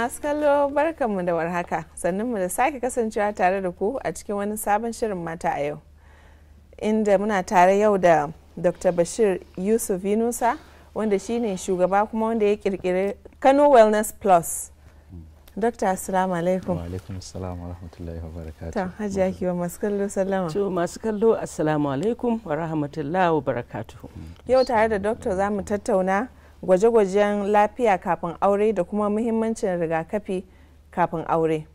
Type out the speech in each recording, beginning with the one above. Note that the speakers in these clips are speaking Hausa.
masu kallo barkanmu da warhaka sannan mu da sake kasancewa tare da ku a cikin wani sabon shirin mata a yau inda muna tare yau da dr bashir yusuf yunusa wanda shine shugaba kuma wanda ya kirkiri kano wellness plus dr assalamu alaikum wa alaikum assalam wa rahmatullahi wa barakatuh ta hajiya kiwa masu kallo sallama to masu kallo assalamu alaikum wa rahmatullahi wa barakatuh yau tare da dokta za mu tattauna gwaje-gwajen lafiya kafin aure da kuma muhimmancin rigakafi kafin aure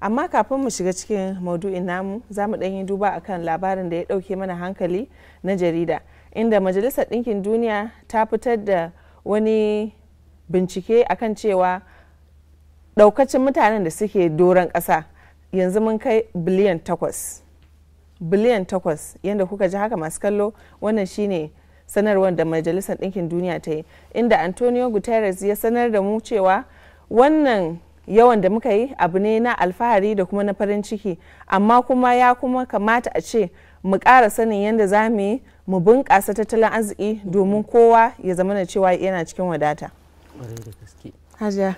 amma kafin mu shiga cikin maudu'in namu za mu duba akan labarin da ya ɗauke mana hankali na jarida inda majalisar ɗinkin duniya ta fitar da wani bincike akan cewa ɗaukacin mutanen da suke doron ƙasa yanzu mun kai biliyan takwas biliyan takwas yadda kuka ji haka masu kallo wannan shine ne sanarwar da majalisar ɗinkin duniya ta yi inda antonio guterres ya sanar da mu cewa wannan yawan da muka yi abu ne na alfahari da kuma na farin ciki amma kuma ya kuma kamata a ce mu ƙara sanin yadda za mu yi mu bunƙasa tattalin arziki domin kowa ya zama da cewa yana cikin wadata hajiya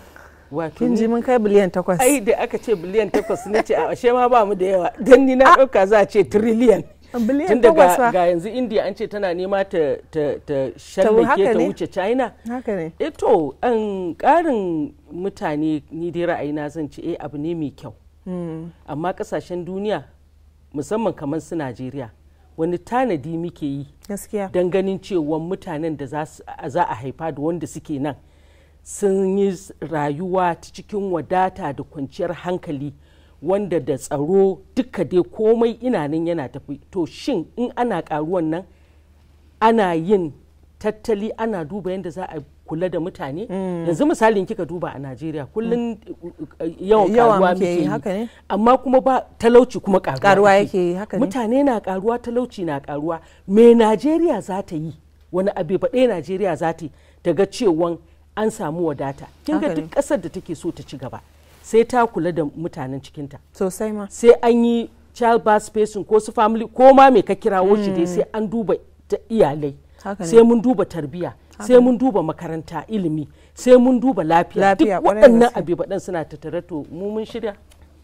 kin ji mun kai biliyan takwas ai da aka ce biliyan takwas na ce a ma ba mu da yawa dan ni na ɗauka za a ce tiriliyan biliyan takwas ga yanzu india an ce tana nema ta ta ta shallake ta wuce china haka ne eto eh an karin mutane ni dai ra'ayina zan ce eh abu ne mai kyau hmm. amma kasashen duniya musamman kamar su najeriya wani tanadi muke yi don ganin cewa mutanen da za a haifa da wanda suke nan sun yi rayuwa ta cikin wadata da kwanciyar hankali wanda da tsaro duka dai komai ina nan yana tafi to shin in ana karuwan nan ana yin tattali ana duba yadda za a kula da mutane mm. yanzu misalin kika duba a najeriya kullum mm. eh, eh, yawan karuwa muke yi amma kuma ba talauci kuma karuwa yake mutane na karuwa talauci na karuwa me najeriya za ta yi wani abu ɗaya najeriya za ta yi daga cewan an samu wadata kinga duk ƙasar da take so ta ci gaba sai ta kula da mutanen cikinta sosai ma sai an yi child birth spacing ko su family ko ma mai ka kira shi dai hmm. sai an duba ta iyalai sai mun duba tarbiya sai mun duba makaranta ilimi sai mun duba lafiya duk waɗannan baɗan suna tattare to mu mun shirya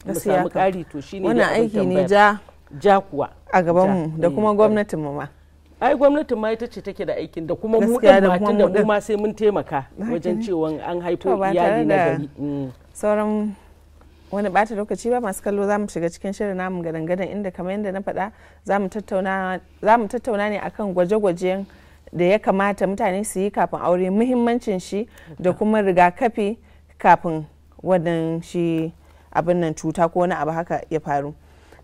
mu samu ƙari to shine wannan aiki ne ja ja kuwa a gaban mu da kuma eh, gwamnatin mu ma eh. ai gwamnatin ma ita ce take da aikin da kuma mu da mu ma sai mun taimaka wajen cewa an haifo iyali na gari mm. sauran wani bata lokaci ba masu kallo za mu shiga cikin shirin namu gadan-gadan inda kamar yadda na faɗa za mu tattauna ne akan gwaje-gwajen da ya kamata mutane su yi kafin aure muhimmancin shi da kuma rigakafi kafin wannan shi abin nan cuta ko wani abu haka ya faru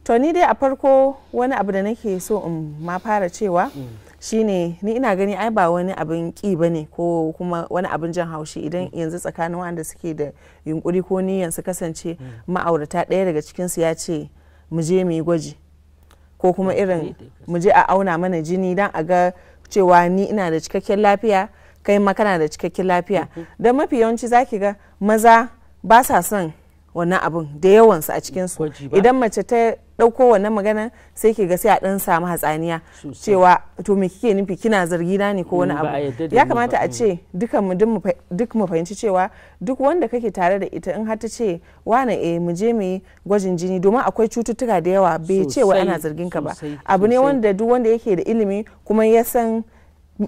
to ni dai a farko wani abu da nake so in ma fara cewa mm. shine ni ina gani ai ba wani abin ki ne ko kuma wani abin jan haushi idan mm. yanzu tsakanin wanda suke da yunkuri ko niyan su kasance mm. ma'aurata ɗaya daga cikin su ya ce mu je mu yi gwaji ko kuma mm. irin mu je a auna mana jini dan a ga cewa ni ina da cikakken lafiya kai ma kana da cikakken lafiya mm-hmm. don mafi yawanci zaki ga maza ba sa son wannan abun da yawansu a cikinsu idan mace ta ɗauko wannan magana sai ke ga sai a ɗan samu hatsaniya cewa to me kike nufi kina zargi na ne ko wani mm, abu ya kamata a mm. ce duk mu fahimci cewa duk wanda kake tare da ita in har ta ce wane eh mu je mu yi gwajin jini domin akwai cututtuka da yawa bai ce wa ana zargin ka ba abu ne wanda duk wanda yake da ilimi kuma ya san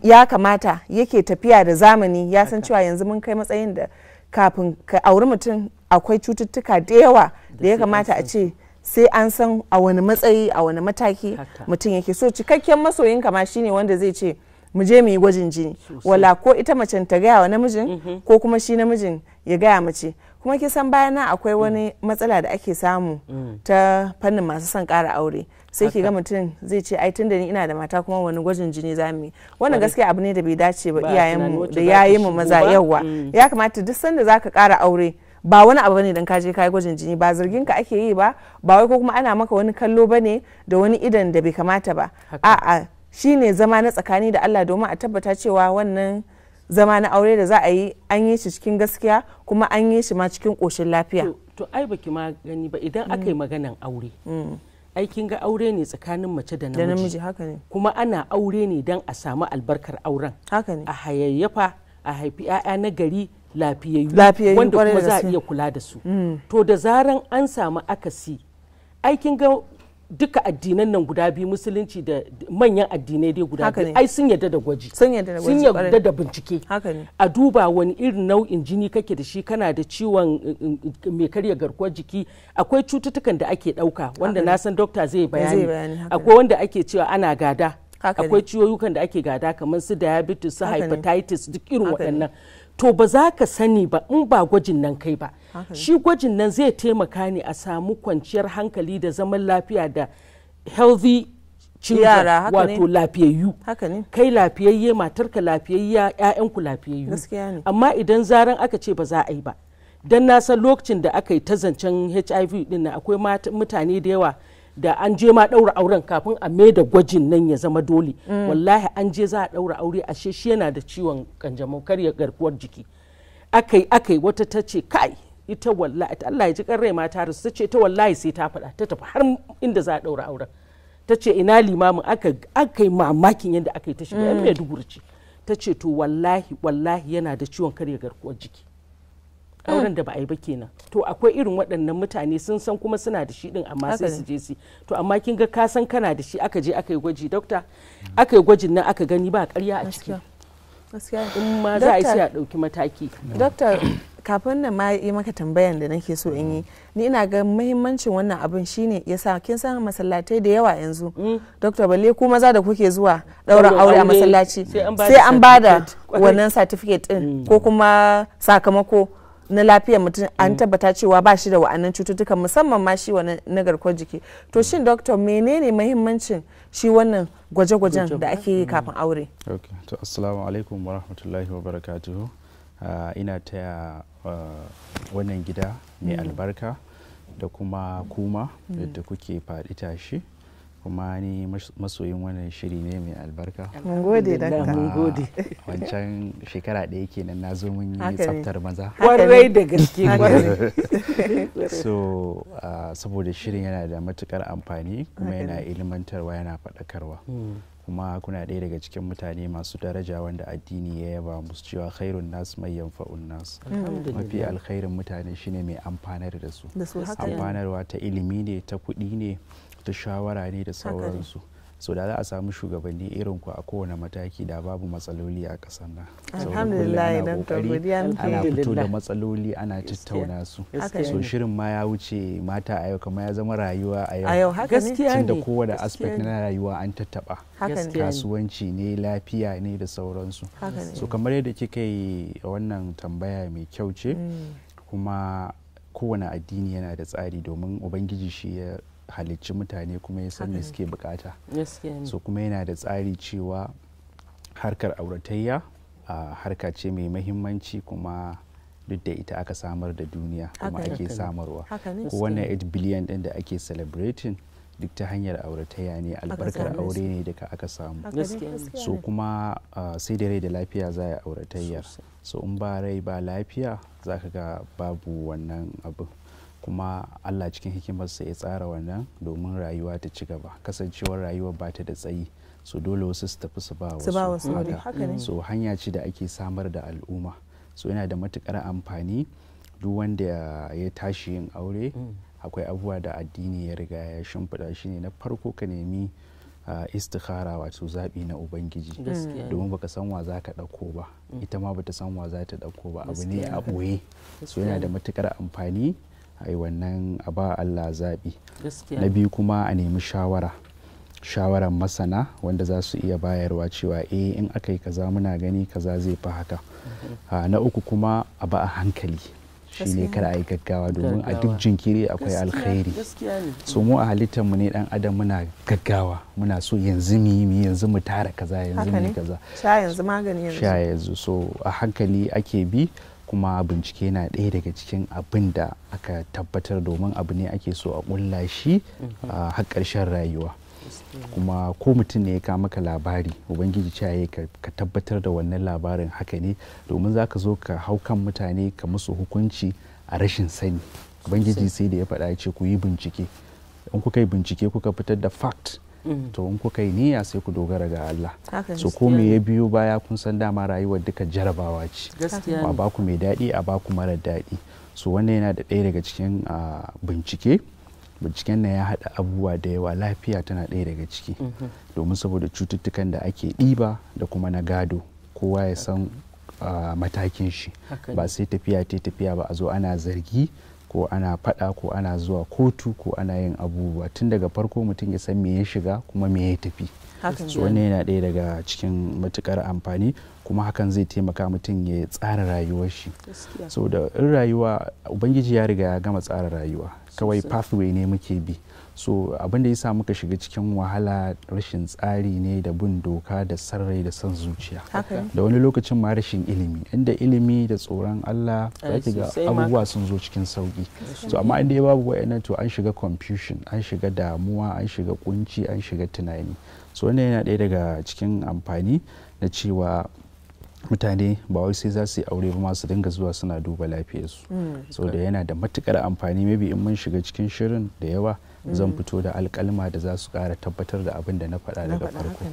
ya kamata yake tafiya da zamani ya san cewa yanzu mun kai matsayin da kafin ka auri mutum akwai cututtuka da yawa da ya kamata a ce sai an san a wani matsayi a wani mataki mutum yake so cikakken masoyin kama shine wanda zai ce mu je mu yi gwajin jini wala ko ita mace ta gaya wa namijin mm-hmm. ko kuma shi namijin ya gaya mace kuma ke san bayan nan akwai wani mm. matsala da ake samu mm. ta fannin masu son kara aure sai ki ga mutum zai ce ai tunda ni ina da mata kuma wani gwajin jini za mu yi wannan gaskiya abu ne da bai dace ba iyayen mu da yayi mu maza yawa mm. ya kamata duk sanda zaka kara aure ba wani abu bane dan kaje kai gwajin jini ba zargin ka ake yi ba ba wai ko kuma ana maka wani kallo bane da wani idan da bai kamata ba a'a shine zama na tsakani da Allah domin a tabbata cewa wannan zama na aure da za a yi an yi shi cikin gaskiya kuma an yi shi ma cikin koshin lafiya to ai baki ma gani ba idan aka yi mm. maganan aure mm. aikin ga aure ne tsakanin mace da namiji haka ne kuma ana aure ne dan a samu albarkar auren haka ne a hayayyafa a haifi 'ya'ya na gari lafiyayyu wanda kuma za a iya kula da su mm. to da zaran an samu akasi aikin ga duka addinan nan guda biyu musulunci da manyan addinai dai guda biyu ai sun yadda da gwaji sun yadda da bincike a duba wani irin nau'in jini kake da shi kana da ciwon eh, eh, eh, mai karya garkuwar jiki akwai cututtukan da ake dauka wanda na san dokta zai bayani akwai wanda ake cewa ana gada akwai ciwoyukan da ake gada kamar su diabetes su hepatitis duk irin waɗannan to ba za ka sani ba in ba gwajin nan kai ba shi gwajin nan zai taimaka ne a samu kwanciyar hankali da zaman lafiya da healthy children wato lafiyayyu kai lafiyayye matarka lafiyayya 'ya'yanku lafiyayyu amma idan zaran aka ce ba za a yi ba don na san lokacin da aka yi ta zancen hiv din akwai mutane da yawa da an je ma daura auren kafin a mai da gwajin nan ya zama dole mm. wallahi an je za a daura aure ashe shi yana da ciwon kanjamau karya garkuwar jiki akai akai wata ta ce kai ita wallahi Allah ya ji kan rai mata rasu ce ta wallahi sai ta faɗa ta tafi har inda za a daura auren ta ce ina limamin aka yi mamakin yadda aka yi ta shiga yan mm. mai dugurci ta ce to wallahi wallahi yana da ciwon karya garkuwar jiki Mm. auren da ba a yi ba kenan to akwai irin waɗannan mutane sun san kuma suna da shi din amma sai su je su to amma kin ga ka san kana da shi aka je aka yi gwaji dokta aka yi gwajin nan aka gani ba ƙarya a ciki in ma za a yi sai a ɗauki mataki dokta kafin nan ma yi maka tambayan da nake so in yi ni ina ga muhimmancin wannan abin shine sa kin san masallatai da yawa yanzu mm. dokta balle ku maza da kuke zuwa ɗaurin aure a masallaci sai an bada wannan certificate din mm. ko kuma sakamako na lafiyar mutum an mm. tabbata cewa ba shi da wa'annan cututtukan musamman ma shi wani na garkuwar jiki to mm. shin doctor menene mahimmancin shi wannan gwaje-gwajen da ake yi mm. kafin aure okay to assalamu alaikum wa rahmatullahi wa barakatuhu ah, ina taya ah, wannan gida mai albarka da kuma kuma yadda kuke faɗi tashi kuma ni masoyin wannan shiri ne mai albarka mun gode da gode wancan shekara ɗaya kenan na zo mun yi tsaftar maza kwarai da gaske so ah, saboda shirin yana da matukar amfani kuma yana ilmantarwa yana faɗakarwa hmm. kuma kuna ɗaya daga cikin mutane masu daraja wanda addini ya yaba musu cewa khairun nas mai yanfa'un nas mafi alkhairin mutane shine mai amfanar da su amfanarwa ta ilimi ne ta kuɗi ne ta shawara ne da sauransu so da za a samu shugabanni irin ku a kowane mataki da babu matsaloli a ƙasar nan alhamdulillah dan ana fito da matsaloli ana tattauna su so shirin ma ya wuce mata a yau kama ya zama rayuwa a yau gaskiya ne kowa da aspect na rayuwa an tattaba kasuwanci ne lafiya ne da sauransu so kamar yadda kika yi wannan tambaya mai kyau ce mm. kuma kowane addini yana da tsari domin ubangiji shi ya halicci mutane kuma ya san me suke bukata so kuma yana da tsari cewa harkar auratayya harka ce mai mahimmanci kuma duk da ita aka samar da duniya kuma ake samarwa ko wannan 8 billion din da ake celebrating duk ta hanyar auratayya ne albarkar aure ne daga aka samu so kuma sai da rai da lafiya za a auratayya so in ba rai ba lafiya za ka ga babu wannan abu. kuma allah cikin hikimarsa ya tsara wannan domin rayuwa ta ci gaba kasancewar rayuwa ba ta da tsayi so dole wasu su tafi su ba wasu haka so hanya ce da ake samar da al'umma so yana da matukar amfani duk wanda ya tashi yin aure mm. akwai abubuwa da addini ya riga ya shimfiɗa shi ne na farko ka nemi ah, istikhara wato zaɓi na ubangiji domin baka san wa za ka ɗauko ba mm. ita ma bata san wa za ta ɗauko ba abu ne a ɓoye so yana da matukar amfani ai wannan a ba Allah zaɓi na biyu kuma a nemi shawara Shawaran masana wanda za su iya bayarwa cewa eh in aka yi kaza muna gani kaza zai fi haka mhm. ah, na uku kuma a ba a hankali Shi ne kada a yi gaggawa domin a duk jinkiri akwai alkhairi so mu a halittar mu ne dan adam muna gaggawa muna so yanzu mu yi yanzu mu tara kaza yanzu mu kaza sha yanzu magani yanzu sha yanzu so a hankali ake bi kuma bincike na ɗaya daga cikin abin da aka tabbatar domin abu ne ake so a ƙulla shi mhm. ah, har ƙarshen rayuwa kuma ko mutum ne ya ka maka labari ubangiji cewa ka tabbatar da wannan labarin haka ne domin za ka zo ka hau kan mutane ka musu hukunci a rashin sani ubangiji sai da ya faɗa ya ce ku yi bincike in kuka yi bincike kuka fitar da fact Mm. to in kuka yi niyya sai ku dogara ga Allah so ko me ya biyo baya kun san dama rayuwar duka jarabawa ce a ku mai daɗi a baku mara daɗi so wannan yana da ɗaya daga cikin bincike binciken na ya haɗa abubuwa da yawa lafiya tana ɗaya daga ciki mm-hmm. domin saboda cututtukan da ake ɗiba da kuma na gado kowa ya san matakin shi ba sai tafiya ta tafiya ba a zo ana zargi ko ana fada ko ana zuwa kotu ko ana yin abubuwa tun daga farko mutum ya san me ya shiga kuma me ya tafi wannan yana ɗaya daga cikin matukar amfani kuma hakan zai taimaka mutum ya tsara rayuwar shi so da in rayuwa ubangiji ya riga ya gama tsara rayuwa kawai pathway ne muke bi so abin da ya sa muka shiga cikin wahala rashin tsari ne da bin doka da sarrai da son zuciya da wani lokacin ma rashin ilimi inda ilimi da tsoron Allah za ki ga abubuwa sun zo cikin sauki so amma inda ya babu wa'annan to an shiga confusion an shiga damuwa an shiga kunci an shiga tunani so wannan yana ɗaya daga cikin amfani na cewa mutane ba wai sai za su yi aure ba masu dinga zuwa suna duba lafiyarsu mm, so da yana da matukar amfani maybe in mun shiga cikin shirin da yawa zan mm. fito da alkalma da za su kara tabbatar da abin da na faɗa daga farko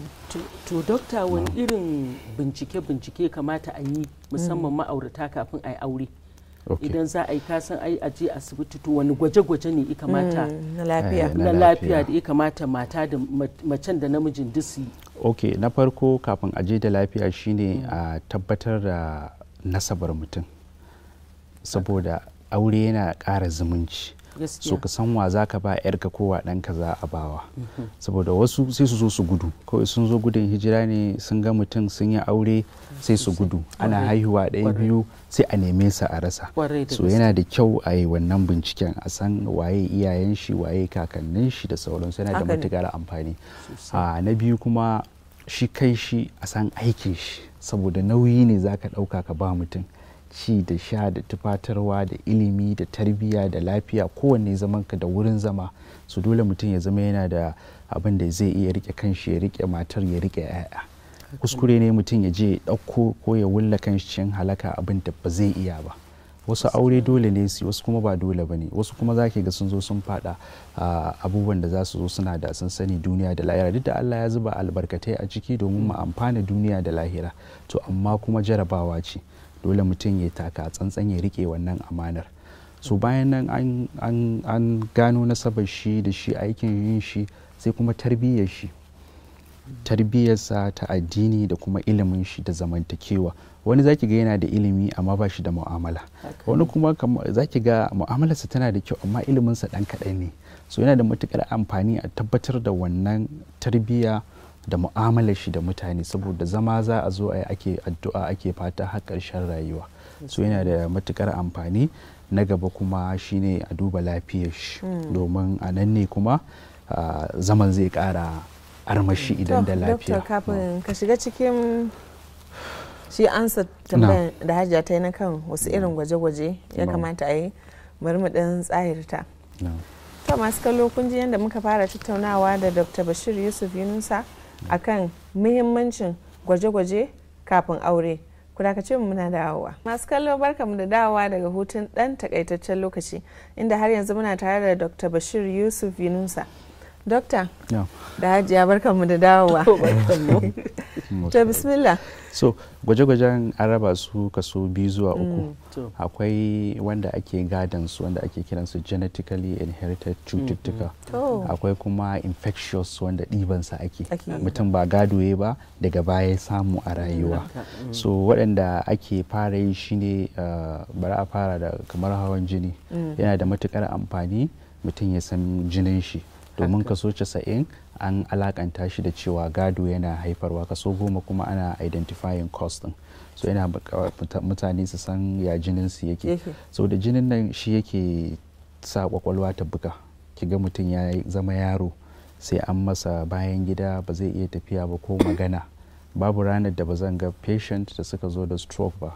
to dokta wani mm. irin bincike-bincike kamata a yi musamman mm. ma'aurata kafin a yi aure idan za a yi kasan ai a je asibiti to wani gwaje-gwaje ne kamata. na eh, lafiya da ya kamata mata da macen da namijin disi ok na farko kafin a je da lafiya shine a tabbatar da nasabar mutum saboda aure yana ƙara zumunci so ka san wa za ka ba yarka kowa wa ka za a bawa mhm. saboda wasu sai su zo su gudu kawai sun zo gudun hijira ne sun ga mutum sun yi aure sai su gudu ana haihuwa ɗaya biyu sai a neme sa a rasa so yana da kyau a yi wannan binciken a san waye iyayen shi waye kakannin shi da sauransu yana da matukar amfani ah, na biyu kuma shi kai shi a san aikin shi saboda nauyi ne za ka ɗauka ka ba mutum ci da sha da tufatarwa da ilimi da tarbiyya da lafiya kowanne zamanka da wurin zama su dole mutum ya zama yana da abin da zai iya rike kanshi ya rike matar ya rike 'ya'ya kuskure ne mutum ya je ɗauko ko ya wulla kanshi cikin halaka abin da ba zai iya ba wasu aure dole ne su wasu kuma ba dole ba ne wasu kuma za ga sun zo sun fada abubuwan da za su zo suna da sun sani duniya da lahira duk da Allah ya zuba albarkatai a ciki domin mu amfana duniya da lahira to amma kuma jarabawa ce dole mutum ya taka a tsantsan ya rike wannan amanar so bayan nan an gano nasabar shi da shi aikin yin shi sai kuma tarbiyyar shi tarbiyyarsa ta addini da kuma ilimin shi da zamantakewa wani zaki ga yana da ilimi amma ba shi da mu'amala wani kuma zaki ga mu'amalarsa tana da kyau amma iliminsa dan kaɗai ne so yana da matukar amfani a tabbatar da wannan tarbiyya da mu'amalar shi da mutane saboda zama za a zo a yi ake addu'a ake fata har ƙarshen rayuwa so yana da matukar amfani na gaba kuma shine a duba lafiyar shi hmm. domin a nan ne kuma zaman zai ƙara armashi hmm. idan da lafiya kafin ka shiga cikin shi ansa tambayar da hajiya ta yi na kan wasu irin gwaje-gwaje ya kamata a yi bari mu tsahirta ta masu kallo kun ji yadda muka fara tattaunawa da dr bashir yusuf yunusa akan muhimmancin gwaje-gwaje kafin aure kudakace mu muna dawowa masu kallo barka mu da dawowa daga hutun dan takaitaccen lokaci inda har yanzu muna tare da dr bashir yusuf yunusa dokta da hajiya mu da dawowa To bismillah so gwaje-gwajen an raba su kaso biyu zuwa uku mm. akwai wanda ake gadon su wanda ake kiran su genetically inherited cututtuka mm-hmm. akwai kuma infectious wanda ɗibansa ake mutum ba gadoye ba daga baya samu a rayuwa mm, mm. so waɗanda ake fara yi shine uh, bari a fara da kamar hawan jini yana da matukar amfani mutum ya san jinin shi domin kaso 90 an alakanta shi da cewa gado yana haifarwa kaso goma kuma ana identifying cost din so yana mutane su san ya jinin su yake so da jinin nan shi yake sa kwakwalwa ta buga ki ga mutum ya zama yaro sai an masa bayan gida ba zai iya tafiya ba ko magana babu ranar da ba zan ga patient da suka zo da stroke ba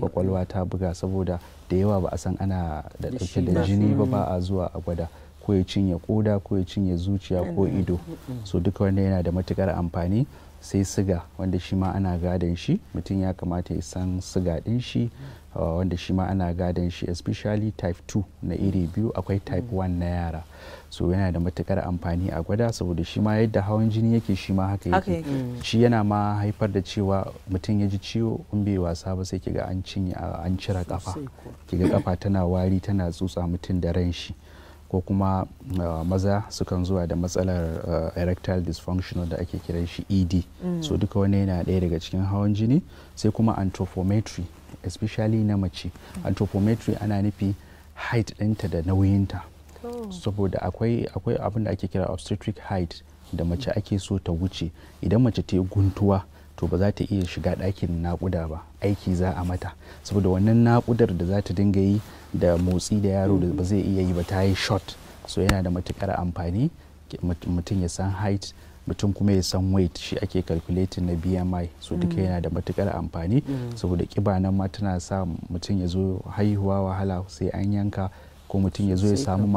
kwakwalwa ta buga saboda da yawa ba a san ana da da jini ba mm. ba a zuwa a gwada ko ya cinye koda ko ya cinye zuciya ko ido so duka wanda yana da matukar amfani sai siga wanda shi ma ana gadon shi mutum ya kamata ya san siga din shi mm. uh, wanda shi ma ana gadon shi especially type 2 na iri mm. biyu akwai mm. type 1 na yara so yana da matukar amfani a gwada saboda shi ma yadda hawan jini yake shi ma haka yake shi yana ma haifar da cewa mutum ya ji ciwo in bai wasa ba sai kiga an cinye uh, cire kafa kiga kafa tana wari tana tsutsa mutum da ran shi ko kuma uh, maza sukan zuwa da matsalar uh, erectile dysfunctional da ake kiran shi ed mm. so duka wani yana ɗaya daga cikin hawan jini sai kuma anthropometry especially na mace mm. anthropometry ana nufi height ɗinta da nauyinta saboda akwai akwai abin da ake kira obstetric height da mace ake so ta wuce idan mace ta yi guntuwa to ba za ta iya shiga ɗakin naƙuda ba aiki za a mata saboda wannan naƙudar da za ta dinga yi da motsi da yaro da ba zai iya yi ba ta yi short so yana da matukar amfani mutum ya san height mutum kuma ya san weight shi ake calculating na bmi so duka mm. yana da matukar amfani mm. saboda kiba nan ma tana sa mutum ya zo haihuwa wahala sai an yanka ko mutum ya zo ya samu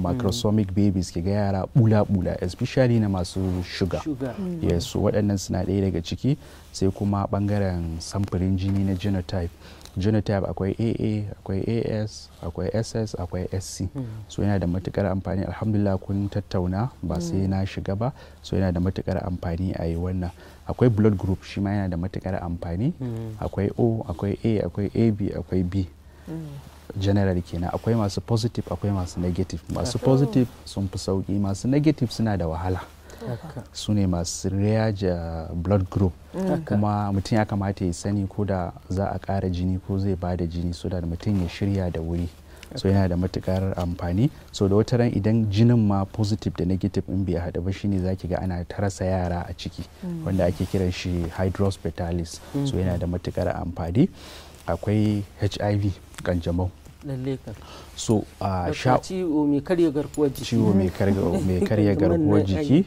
macrosomic mm. babies ke ga yara bula-bula especially na masu shuga mm. yes waɗannan suna ɗaya daga ciki sai kuma ɓangaren samfurin jini na genotype genotype akwai aa akwai as akwai ss akwai sc Su mm. so yana da matukar amfani alhamdulillah kun tattauna ba sai na shiga ba so yana da matukar amfani a yi wannan akwai blood group shi ma yana da matukar amfani akwai o akwai a akwai ab akwai b generally kenan akwai masu positive akwai masu negative masu positive sun fi sauki masu negative suna da wahala su ne masu reage eh, blood group kuma mutum ya kamata ya sani ko da za a ƙara jini ko zai ba da jini so da mutum ya shirya da wuri so yana da matukar amfani so da wata ran idan jinin ma positive da negative in bai hada ba shine zaki ga ana tarasa yara a ciki hmm. wanda ake kiran shi hydrospitalis so hmm. yana da matukar amfani akwai hiv kanjamau so a ciwo mai karya garkuwar jiki ciwo mai karya garkuwar jiki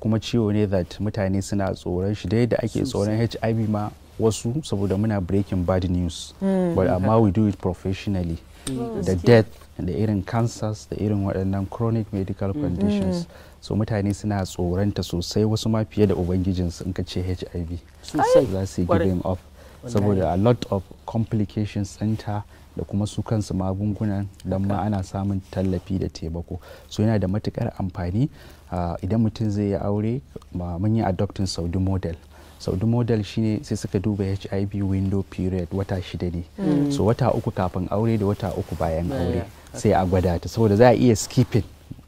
kuma ciwo ne that mutane suna tsoron shi dai da ake tsoron HIV ma wasu saboda muna breaking bad news hmm. but amma we do it professionally hmm. the death da irin cancers da irin waɗannan chronic medical hmm. conditions so mutane suna tsoranta sosai wasu ma fiye da ubangijinsu in ka ce hiv za su yi giving up saboda a lot of complications center da kuma su kansu magungunan don ma ana samun tallafi da taimako so yana da matukar amfani ah, idan mutum zai yi aure mun yi adoptin saudi model saudi model shine sai suka duba hiv window period wata shida ne hmm. so wata uku kafin aure da wata uku bayan aure sai a gwada ta saboda za a iya skipping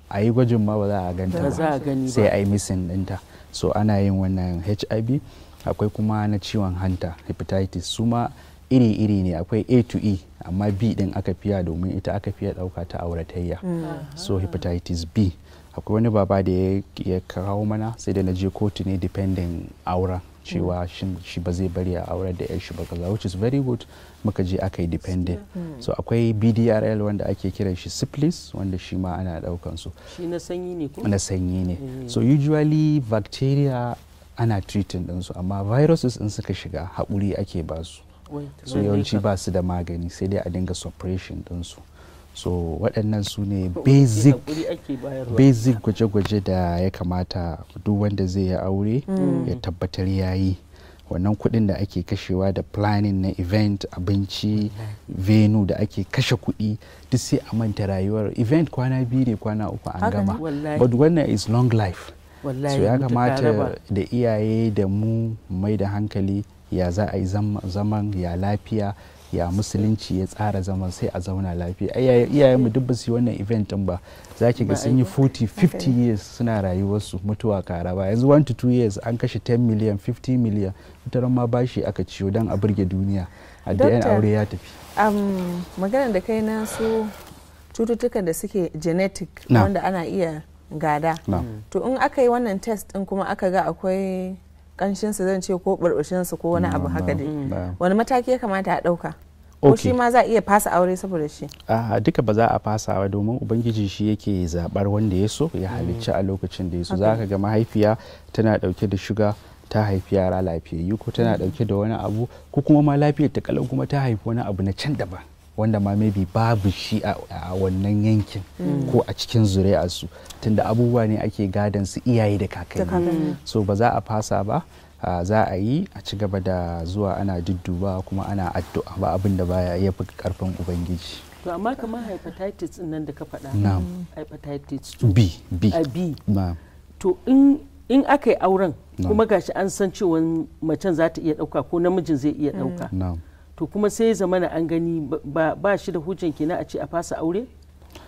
a yi gwajin ma ba za a ganta ba sai a yi missing ɗinta so ana yin wannan hiv akwai kuma na ciwon hanta hepatitis su ma iri-iri ne akwai a to e amma b din aka fiya domin ita aka fiya dauka ta auratayya mm-hmm. so hepatitis b akwai wani baba da ya kawo mana sai da na je kotu ne dependent aura cewa mm. shi ba zai bari a aurar da yar shi ba kaza which is very good muka je aka yi dependent mm. so akwai bdrl wanda ake kiran shi syphilis wanda shi ma ana daukan su na sanyi ne na sanyi ne mm. so usually bacteria ana treating din su amma viruses in suka shiga haƙuri ake ba su su yawanci ba su da magani sai dai a dinga suppression su so waɗannan su ne basic gwaje-gwaje da ya kamata duk wanda zai yi aure mm. ya tabbatar ya yi wannan kuɗin da ake kashewa da planning na event abinci venue da ake kashe kuɗi duk sai a manta rayuwar event kwana biyu ne kwana uku an gama but wannan is long life so ya kamata da iyaye da mu mai da hankali ya za a yi zaman ya lafiya ya musulunci ya tsara zaman sai a zauna lafiya iyayenmu duk ba su yi wannan event din ba za ki ga sun yi 40 50 years suna rayuwarsu mutuwa kara ba yanzu 1 to 2 years an kashe 10 million 50 million mutaran ma bashi aka ciyo don a burge duniya a da yan aure ya tafi um, magana da kai na su cututtukan da suke genetic wanda ana iya gada to in aka yi wannan test din kuma aka ga akwai kanshin su zan ce ko su ko wani abu mm, haka mm, dai mm, wani mataki ya kamata a ɗauka ko shi ma za a iya fasa aure saboda shi a duka ba za a fasa ba domin ubangiji shi yake zabar wanda ya so ya halicci a lokacin da ya so zaka ga mahaifiya tana dauke da shuga ta haifi yara lafiyayyu ko tana dauke da wani abu ko kuma ma lafiyar ta kalan kuma ta haifi wani abu na can daban wanda ma maybe babu shi a wannan yankin mm. ko a cikin zuri'arsu tunda abubuwa ne ake gadon su iyaye da kakanni mm. so ba za a fasa ba za a yi a ci gaba da zuwa ana dudduba kuma ana addu'a ba abin da baya ya fi karfin ubangiji to amma kamar hepatitis nan da ka faɗa hepatitis b b b to in in aka yi auren kuma gashi an san cewa macen za ta iya ɗauka ko namijin zai iya ɗauka to kuma sai zamana an gani ba shi da hujjan kenan a ce a fasa aure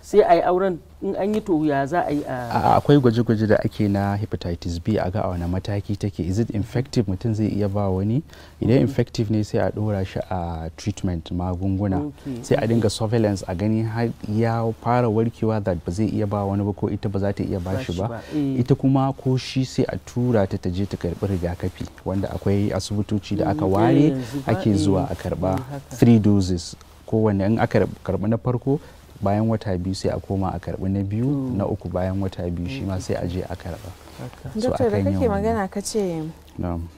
sai a yi auren in an yi to ya za a yi a akwai gwaje-gwaje da ake na hepatitis b a ga a wani mataki take is it infective mutum zai iya ba wani idan mm. infective ne sai a dora shi a treatment magunguna sai a dinga surveillance a gani ya fara warkewa that ba zai iya ba wani ba ko ita ba za ta iya ba shi ba eh. ita kuma ko shi sai a tura ta ta je ta karbi rigakafi wanda akwai asibitoci da aka mm, ware eh, ake zuwa eh, a karba mm, three doses kowanne in aka karbi na farko bayan wata biyu sai a koma a karɓi na biyu hmm. na uku bayan wata biyu shi ma hmm. sai a je a karɓa dokta da kake magana ka ce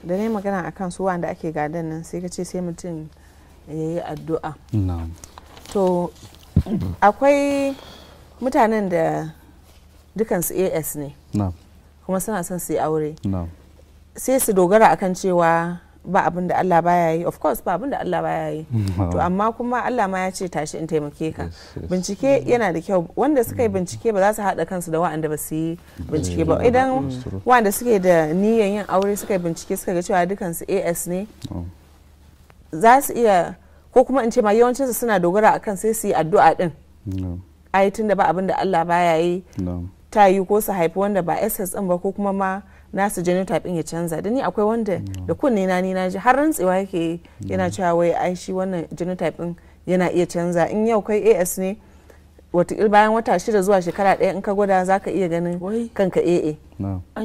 da ne magana a kan su wanda ake gadon nan sai ka ce sai mutum ya yi addu'a to akwai mutanen da dukansu as ne kuma suna son su yi aure sai su dogara akan cewa ba abin da Allah baya yi of course ba abin da Allah baya yi mm, to amma kuma Allah ma ya ce tashi in taimake ka bincike yana da kyau wanda suka yi mm. bincike ba za su haɗa kansu da wa'anda ba su yi mm, bincike ba idan wa'anda suke da niyan yin aure suka yi bincike suka ga cewa dukansu AS ne oh. za su iya ko kuma in ce ma yawancinsu suna dogara akan sai su yi addu'a din ai tun da ba abin da Allah baya yi ta yi ko su haifi wanda ba SS din ba ko kuma ma nasu genotype ya canza da ni akwai wanda mm. da kunne na ni naji har rantsewa yake mm. yana cewa wai ai shi wannan genotype yana iya canza in yau kai AS ne watakil bayan wata shida zuwa shekara ɗaya in ka gwada za ka iya ganin kanka AA.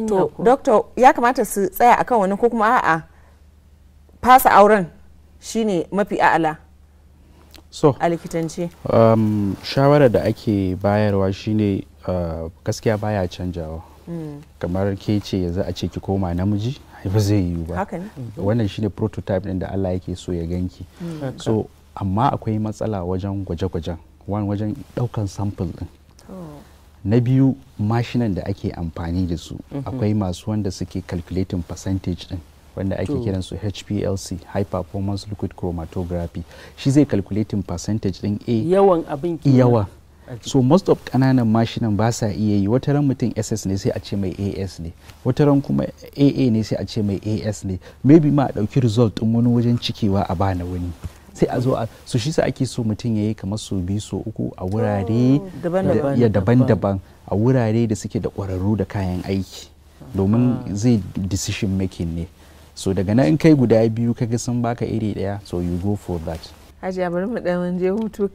To, doctor ya kamata su tsaya akan wani ko kuma a'a fasa auren shine mafi a'ala. So, a likitance. Um, shawara da ake bayarwa shine uh, gaskiya baya canjawa. kamar ke ce yanzu a ce ki koma namiji ba zai yiwu ba wannan shine prototype ɗin da Allah yake so ya ganki mm. so amma akwai matsala wajen gwaje-gwajen wani wajen ɗaukan sample ɗin na biyu mashinan da ake amfani da su mhm. akwai masu wanda suke calculating percentage ɗin wanda ake kiran su HPLC high performance liquid chromatography shi zai calculating percentage din A yawan abin yawa so most of kananan mashinan ba sa iya yi wata ran mutum ss ne sai a ce mai as ne wata ran kuma aa ne sai a ce mai as ne maybe ma a ɗauki result ɗin wani wajen cikewa a bana wani sai a zo su shi sa ake so mutum ya yi kamar su biyu so uku a wurare oh, daban-daban a wurare da suke da ƙwararru da kayan aiki domin ah. zai decision making ne so daga nan in kai guda biyu kaga sun baka iri ɗaya so you go for that Hajiya bari mu dan je hutu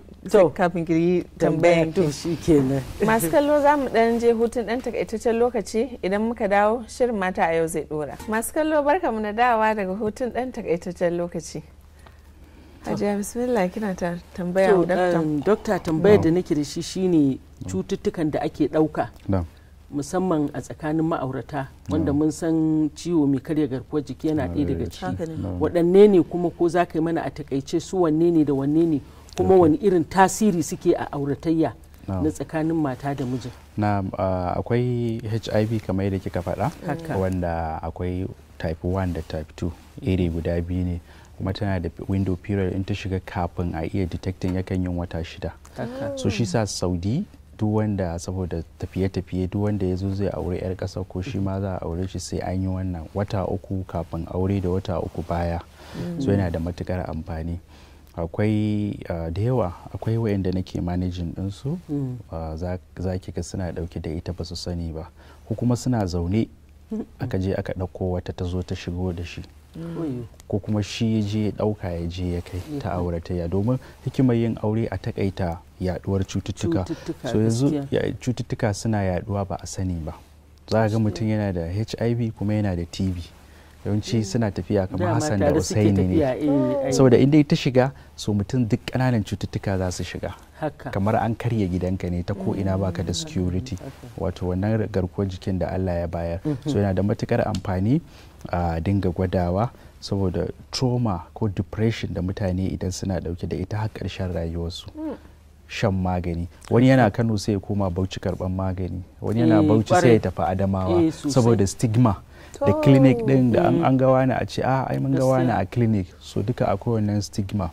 kafin ki yi tambayan ki. shi nan Masu kallo za mu dan je hutun dan takaitaccen lokaci idan muka dawo shirin mata a yau zai dora. Masu kallo barka mu na dawa daga hutun dan takaitaccen lokaci. Hajiya bismillah kina ta tambaya wa dokta. Um, dokta tambayar da nake da shi shine cututtukan da ake dauka. musamman a tsakanin ma'aurata wanda mun san ciwo mai karya garkuwar jiki yana ɗaya daga ciki waɗanne ne kuma ko za ka yi mana a takaice su wanne ne da wanne ne kuma wani irin tasiri suke a auratayya na tsakanin mata da mijin na akwai hiv kamar yadda kika faɗa wanda akwai type 1 da type 2 iri guda biyu ne kuma tana da window period in ta shiga kafin a iya detecting yakan yin wata shida so shi sa saudi duk wanda saboda tafiye-tafiye duk wanda ya zo zai aure 'yar ƙasa ko shi ma za a aure shi sai an yi wannan wata uku kafin aure da wata uku baya mm. so yana da matukar amfani akwai ah, da yawa akwai wayanda nake manajin ɗinsu mm. ah, za ki ga suna ɗauke da ita ba su sani ba ko kuma suna zaune mm. aka je aka ɗauko wata ta zo ta shigo da shi ko kuma shi ya je ya ɗauka ya je ya kai ta mhm. auratayya domin hikimar yin aure a takaita yaduwar cututtuka so yanzu cututtuka suna yaduwa ba a sani ba za ga mutum yana da hiv kuma yana da T_V. yawanci mm. suna tafiya kamar hassan da usaini ne saboda inda ta shiga so mutum duk ƙananan cututtuka za su shiga kamar an karya gidanka ne ta ko ina baka da mm. security wato wannan garkuwar jikin da allah ya bayar so mhm. yana da matukar amfani a dinga gwadawa saboda trauma ko depression da mutane idan suna dauke da ita har karshen rayuwarsu hmm. shan magani wani yana kano sai ya koma bauchi karban magani wani yana eh, bauchi sai ya tafi adamawa eh, saboda stigma da clinic din da an hmm. gawa ni a ce a ah, ai mun gawa ni a clinic so duka akwai wannan stigma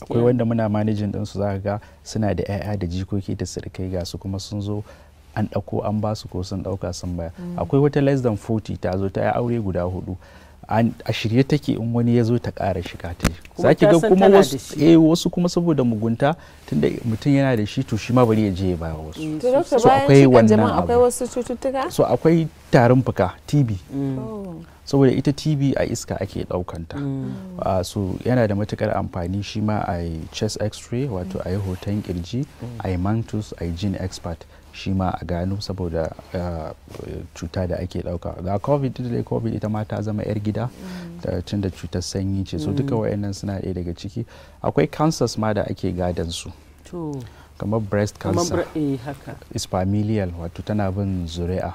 akwai wanda muna manajin dinsu za ga suna da 'ya'ya da jikoki da sirikai ga su kuma sun zo an ɗauko an ba su ko sun ɗauka sun baya. akwai wata less than 40 ta zo ta yi aure guda hudu a shirye take in wani ya zo ta ƙara shiga ta yi. ki ga kuma eh, wasu kuma saboda mugunta tunda mutum yana da shi to shi ma bari ya je ya baya wasu so akwai wannan akwai wasu cututtuka so akwai tarin fuka tb mm. oh. saboda ita tb a iska ake daukanta mm. ah, so yana da matukar amfani shi ma a chest x-ray wato a yi hoton kirji mm. a yi mantus a yi gene expert shi ma a gano saboda eh, cuta da ake dauka ga covid da covid ita ma ta zama yar gida mm. tun da cutar sanyi ce so mm. duka wayannan suna ɗaya daga ciki akwai cancers ma da ake gadon su kamar breast cancer is eh, familial wato tana bin zuri'a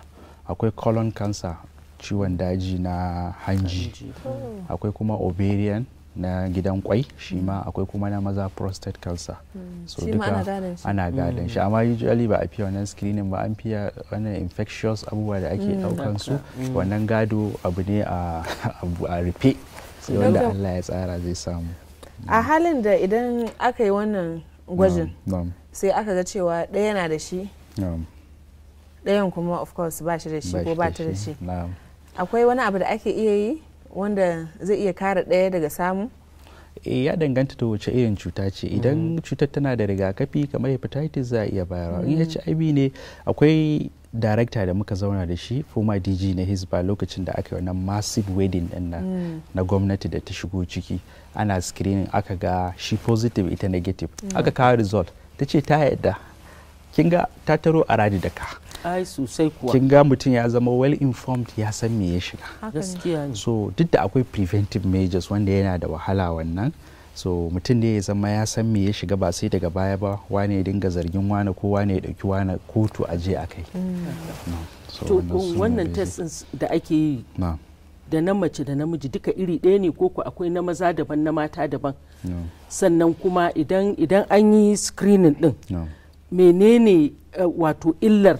akwai colon cancer ciwon daji na hanji oh. akwai kuma ovarian na gidan kwai shi ma akwai kuma na maza prostate cancer hmm. so duka ana gadon shi hmm. amma usually ba a fiya wannan screening ba an fiya wannan infectious abubuwa da ake daukan hmm, su wannan gado abu ne a rufe sai wanda Allah ya tsara zai samu a halin da idan aka yi wannan gwajin sai aka ga cewa ɗaya na da shi ɗayan kuma of course ba shi da shi ko ba ta da shi akwai wani abu da ake iya yi wanda zai iya kare ɗaya daga samu eh, ya danganta da wace irin cuta ce idan mm. cutar tana da rigakafi kamar hepatitis za a iya bayarwa in mm. hiv ne akwai darakta da muka zauna da shi former dg na hisba lokacin da aka yi wannan massive wedding din mm. na gwamnati da ta shigo ciki ana screening aka ga shi positive ita negative aka kawo result ta ce ta yadda kinga ga ta taro a radi da ka ai sosai kuwa kin ga mutum ya zama well informed ya san me ya shiga gaskiya ne. so duk da akwai preventive measures wanda yana da wahala wannan so mutum ne ya zama ya san me ya shiga ba sai daga baya ba wane ya dinga zargin wane ko wane ya dauki wane kotu a je a kai mm. to wannan test da ake yi da na mace da namiji duka iri ɗaya ne ko ku akwai na maza daban na mata daban sannan kuma idan an yi screening din menene eh, wato illar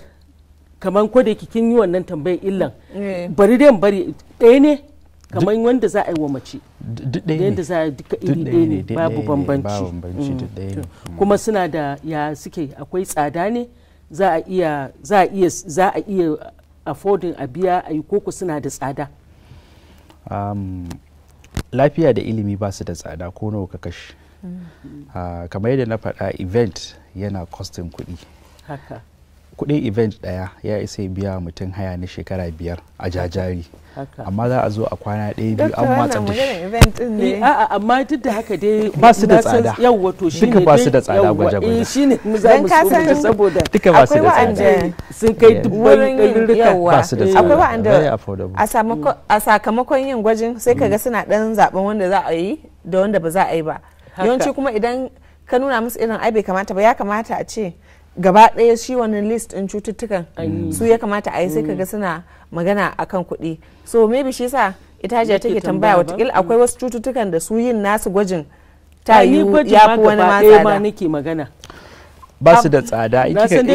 kamar ko da kin yi wannan tambayar illan eh. bari dai bari ɗaya ne kamar wanda za a yi wa mace yadda za a yi duka iri ɗaya ne babu bambanci mm. kuma suna da ya suke akwai tsada ne za a iya za a iya za a iya affording a biya a yi koko suna da tsada lafiya da ilimi ba su da tsada ko nawa ka kashe mm. ah, kamar yadda na faɗa event yana costing kuɗi kudin event daya ya isa biya mutum haya na shekara biyar a jajari amma za a zo a kwana ɗaya biyu an matsa da shi eh, amma duk da haka dai ba su da tsada yawa to shi ne eh, ba su da tsada gwaje gwaje shi ne mu za mu so saboda akwai wa'anda sun kai dubban ɗarurruka ba su da tsada akwai wa'anda a sakamakon yin gwajin sai kaga mm. suna ɗan zaben wanda za a yi da wanda ba za a yi ba yawanci kuma idan ka nuna musu irin ai bai kamata ba ya kamata a ce gaba ɗaya shi wannan list ɗin cututtukan su ya kamata a yi sai kaga mm. suna magana a kan kuɗi so maybe shi sa ita hajiya take tambaya watakila akwai mm. wasu cututtukan da su yin nasu gwajin ta yi ya fi wani ma tsada magana ba su da tsada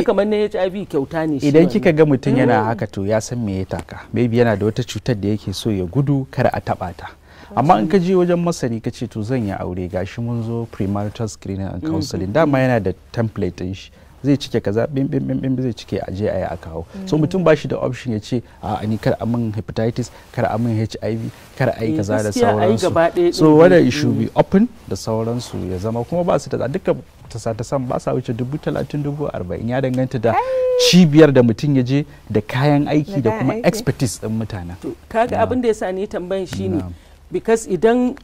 kamar na HIV kyauta ne idan kika ga mutum yana mm. haka to ya san me ya taka maybe yana da wata cutar da yake so ya gudu kar a taba ta amma in ka je wajen masani ka ce to zan yi aure gashi mun zo premarital screening and mm-hmm. counseling dama yana da template din shi zai cike kaza bim bim bim bim zai cike a je a yi a kawo so mutum ba shi da option ya ce a ni kar amin hepatitis kar amin hiv kar ayi eh, kaza da sauransu so whether it mm. be open da sauransu ya zama kuma ba su da duka ta san ba sa wuce dubu talatin dubu arba'in ya danganta da cibiyar da mutum ya je da kayan aiki da kuma expertise din mutanen kaga abin da ya sa ni tambayan shine because idan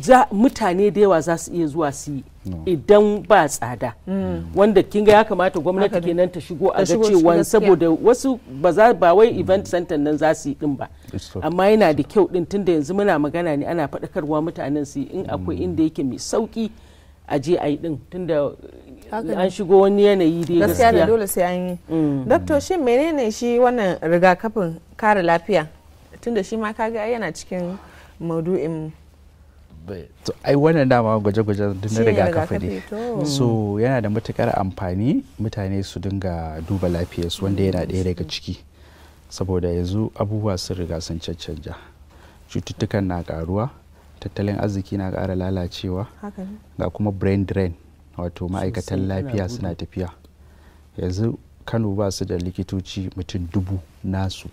za mutane da yawa za su iya zuwa su yi idan ba tsada mm. wanda kinga ya kamata gwamnati kenan ta shigo a ga cewa saboda wasu ba za ba wai event center nan za su yi din ba amma yana da kyau din tunda yanzu muna magana ne ana fadakarwa mutanen su in akwai mm. inda yake mai sauki a je a yi din tunda an shigo wani yanayi da gaskiya da dole sai an yi mm. doctor shin menene shi wannan rigakafin kare lafiya tunda shi ma kaga yana cikin maudu'in to ai wannan dama gwaje-gwaje na rigakafi ne so yana da matukar amfani mutane su dinga duba lafiyarsu wanda yana ɗaya mm. daga ciki saboda yanzu abubuwa sun riga sun cancanja cututtukan na karuwa tattalin arziki na ƙara lalacewa ga kuma brain drain wato ma'aikatan lafiya suna tafiya yanzu kano ba su da likitoci mutum dubu nasu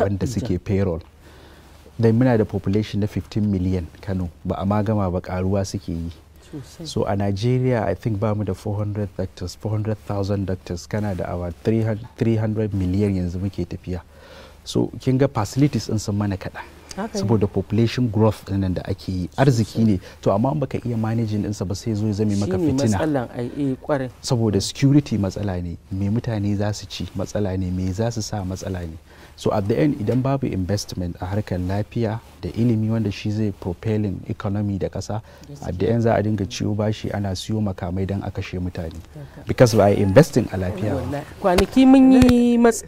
wanda suke payroll dan muna da population na 15 million kano ba a magama ba karuwa suke yi so a nigeria i think ba mu da 400 doctors 400,000 doctors kana da awa 300, million yanzu muke tafiya so kin ga facilities din sun mana kaɗa saboda population growth nan da ake yi arziki ne to amma baka iya managing sa ba sai zo ya zame maka fitina eh, saboda security matsala ne me mutane za su ci matsala ne me za su sa matsala ne so at the end idan babu investment a harkar lafiya da ilimi wanda shi zai propelling economy da kasa at the end za a dinga ciwo bashi ana siyo makamai don a kashe mutane because by investing a lafiya kwanaki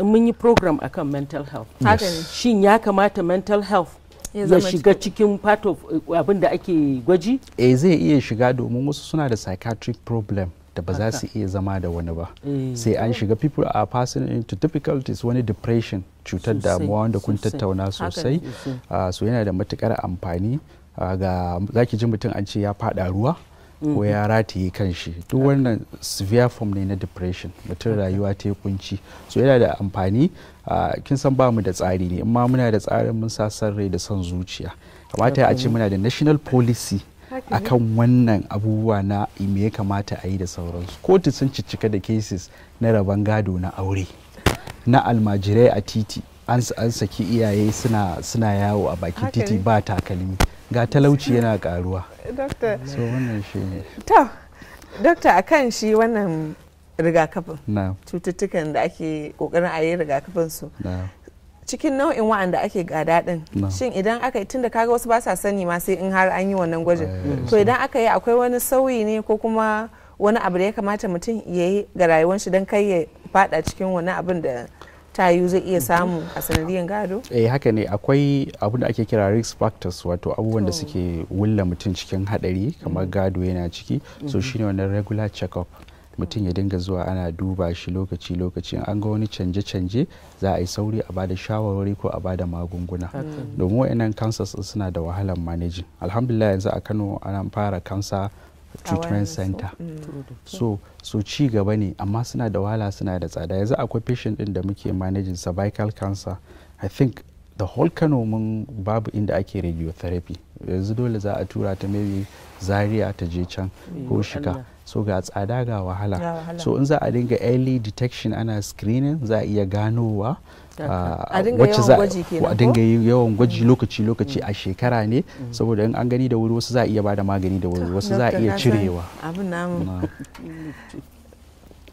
mun yi program akan mental health shin ya kamata mental health ya shiga cikin part of eh, abin da ake gwaji eh zai iya shiga domin wasu suna da psychiatric problem da ba za su iya zama da wani ba eh. sai an shiga people are passing into difficulties wani depression cutar damuwa wanda kun tattauna sosai ah, so yana da matukar amfani ah, ga zaki ji mutum an ce ya fada ruwa ko mm-hmm. ya rataye kan shi duk wannan severe form ne na depression mutum rayuwa ta kunci so yana da amfani ah, kin san ba mu da tsari ne amma muna da tsarin mun sa san rai da son zuciya kamata a ce muna da national policy akan wannan abubuwa na me ya kamata a yi da sauransu kotu sun ciccika da cases na rabon gado na aure na almajirai a titi an saki iyaye suna yawo a bakin titi ba takalmi ga talauci yana karuwa so wannan shi ne dokta a kan shi wannan rigakafin cututtukan da ake kokarin a yi rigakafin su cikin nau'in wa'anda ake gada din shin idan aka yi tunda kaga wasu ba sa sani ma sai in har an yi wannan gwajin eh, to idan aka yi akwai wani sauyi ne ko kuma wani abu da ya kamata mutum ya yi ga rayuwar shi don kai ya fada cikin wani abin da ta tayu zai iya samu a sanadiyan gado? eh haka ne akwai abin da ake kira risk factors wato abubuwan da oh. suke wulla mutum cikin hadari kamar mm. gado yana ciki so mm-hmm. shine wannan regular check-up mutum ya dinga zuwa ana duba shi lokaci lokaci an ga wani canje canje za a yi sauri a bada shawarwari ko a bada magunguna domin wayannan kansas suna da wahalar manajin alhamdulillah yanzu a Kano ana fara kansa treatment center mm. so so ci gaba ne amma suna da wahala suna da tsada yanzu akwai patient din da muke managing cervical cancer i think the whole kano mun babu inda ake radiotherapy yanzu dole za a tura ta maybe zaria ta je can ko shika so ga tsada ga wahala so in za a dinga early detection ana screening za a iya ganowa ah, a dinga yawan gwaji mm. lokaci lokaci mm. a shekara ne mm. saboda in an gani da wuri wasu za a iya bada magani da wuri wasu za a iya cirewa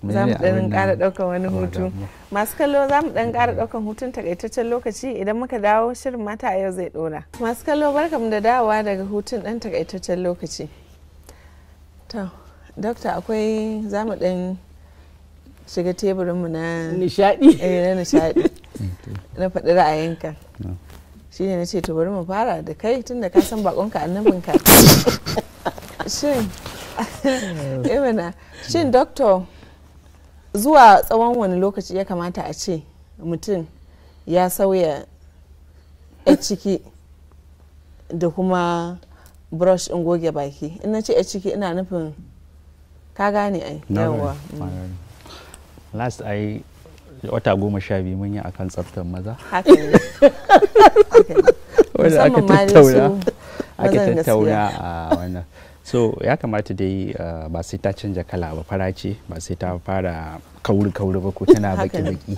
za mu ɗan kara ɗaukan wani hutu masu kallo za mu ɗan kara ɗaukan hutun takaitaccen lokaci idan muka dawo shirin mata a yau zai ɗora masu kallo barkamu da dawowa daga hutun ɗan takaitaccen lokaci dokta akwai zamu ɗan shiga teburinmu na nishaɗi eh, na nishaɗi na faɗi ra'ayinka shi ne na ce to bari mu fara da kai tun da ka san bakonka annabinka shin imana eh shin doktor zuwa tsawon wani lokaci ya kamata a ce mutum ya sauya ya ciki da kuma brush in goge baki in na ce ya ciki ina nufin ka gane ai yawa mm. last ai wata goma sha biyu mun yi a kan tsaftar maza wanda aka tattauna aka tattauna a wannan so ya kamata dai ah, ba sai ta canja kala ba fara ce ba sai ta fara kauri kauri ba ko tana baki baki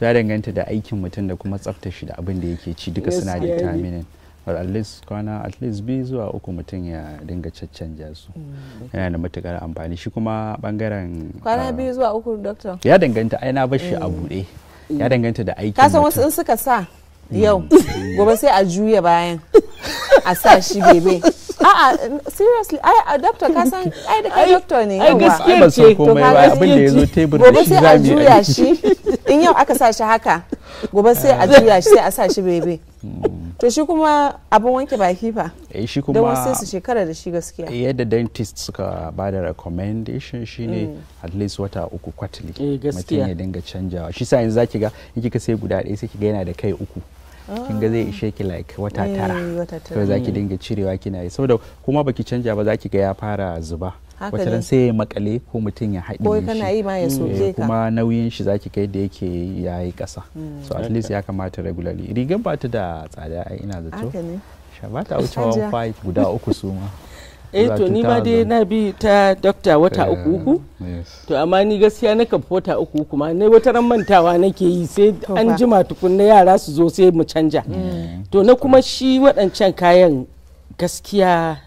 so ya danganta da aikin mutum da kuma tsafta shi da abin da yake ci duka suna determinant at least kwana at least biyu zuwa uku mutum ya dinga caccanja su mm, yana da matukar amfani shi kuma bangaren kwana ah, biyu zuwa uku doctor ya danganta ai na bar shi a eh. bude mm. ya danganta da aiki kasan wasu in suka sa mm. yau gobe sai a juya bayan a sa shi bebe a'a seriously ai doctor ka san ai da kai doctor ne ai gaskiya ce to ka ga abin da yazo table gobe sai a juya shi in yau aka sa shi haka gobe sai a ah. juya shi sai a sa shi bebe to shi kuma abin wanke baki fa eh, shi kuma don wasu su shekara da shi gaskiya eh, yadda dentist suka ba da recommendation shine mm. at least wata uku eh, kwatili mutum ya dinga canjawa shi sa yanzu zaki ga in kika sai guda ɗaya sai kiga yana da kai uku kin ga zai ah. ishe ki like wata tara to zaki mm. dinga cirewa kina yi saboda kuma baki canja ba zaki ga ya fara zuba wata ran sai ya makale ko mutum ya haɗe shi kana yi ma ya soke eh, ka kuma nauyin shi zaki kai da yake yayi ƙasa mm. so at least ya kamata regularly rigar ba ta da tsada ai ina zato ba ta wuce 1.5 guda uku su ma eh to ni ma dai na bi ta dokta wata eh, uku uku to amma ni gaskiya na kafa wata uku uku ma ne wata ran mantawa nake yi sai an jima tukunna yara su zo sai mu canja mm. to na kuma shi waɗancan kayan gaskiya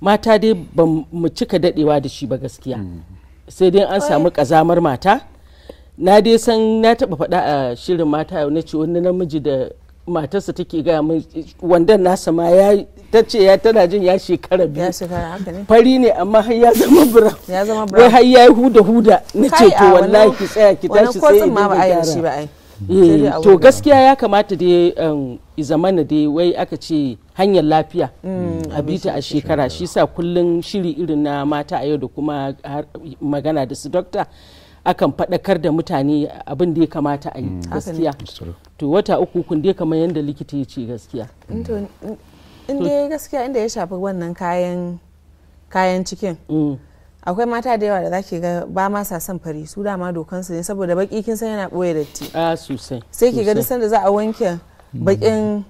mata dai ba mu cika dadewa da shi ba gaskiya sai dai an samu kazamar mata na dai san na taba faɗa a shirin mata yau na ce wani namiji da matarsa take gaya min wandan nasa ma ya ta ce ya tana jin ya shekara biyu fari ne amma har ya zama bura wai har ya yi huda huda na ce to wallahi ki tsaya ki tashi sai ya ai Mm. to gaskiya ya kamata dai um, zamana dai wai aka ce hanyar lafiya mm. a bita a shekara shi sa kullum shiri irin na mata a yau da kuma magana da su dokta akan faɗakar da mutane abin da ya kamata a yi mm. gaskiya to wata uku kun dai kamar yadda likita ya ce gaskiya inda gaskiya inda ya shafi wannan kayan cikin akwai mata da yawa da zaki ga ba ma sa son fari su dama dokan su ne saboda baki kin san yana boye datti a sosai sai ki ga duk sanda za a wanke bakin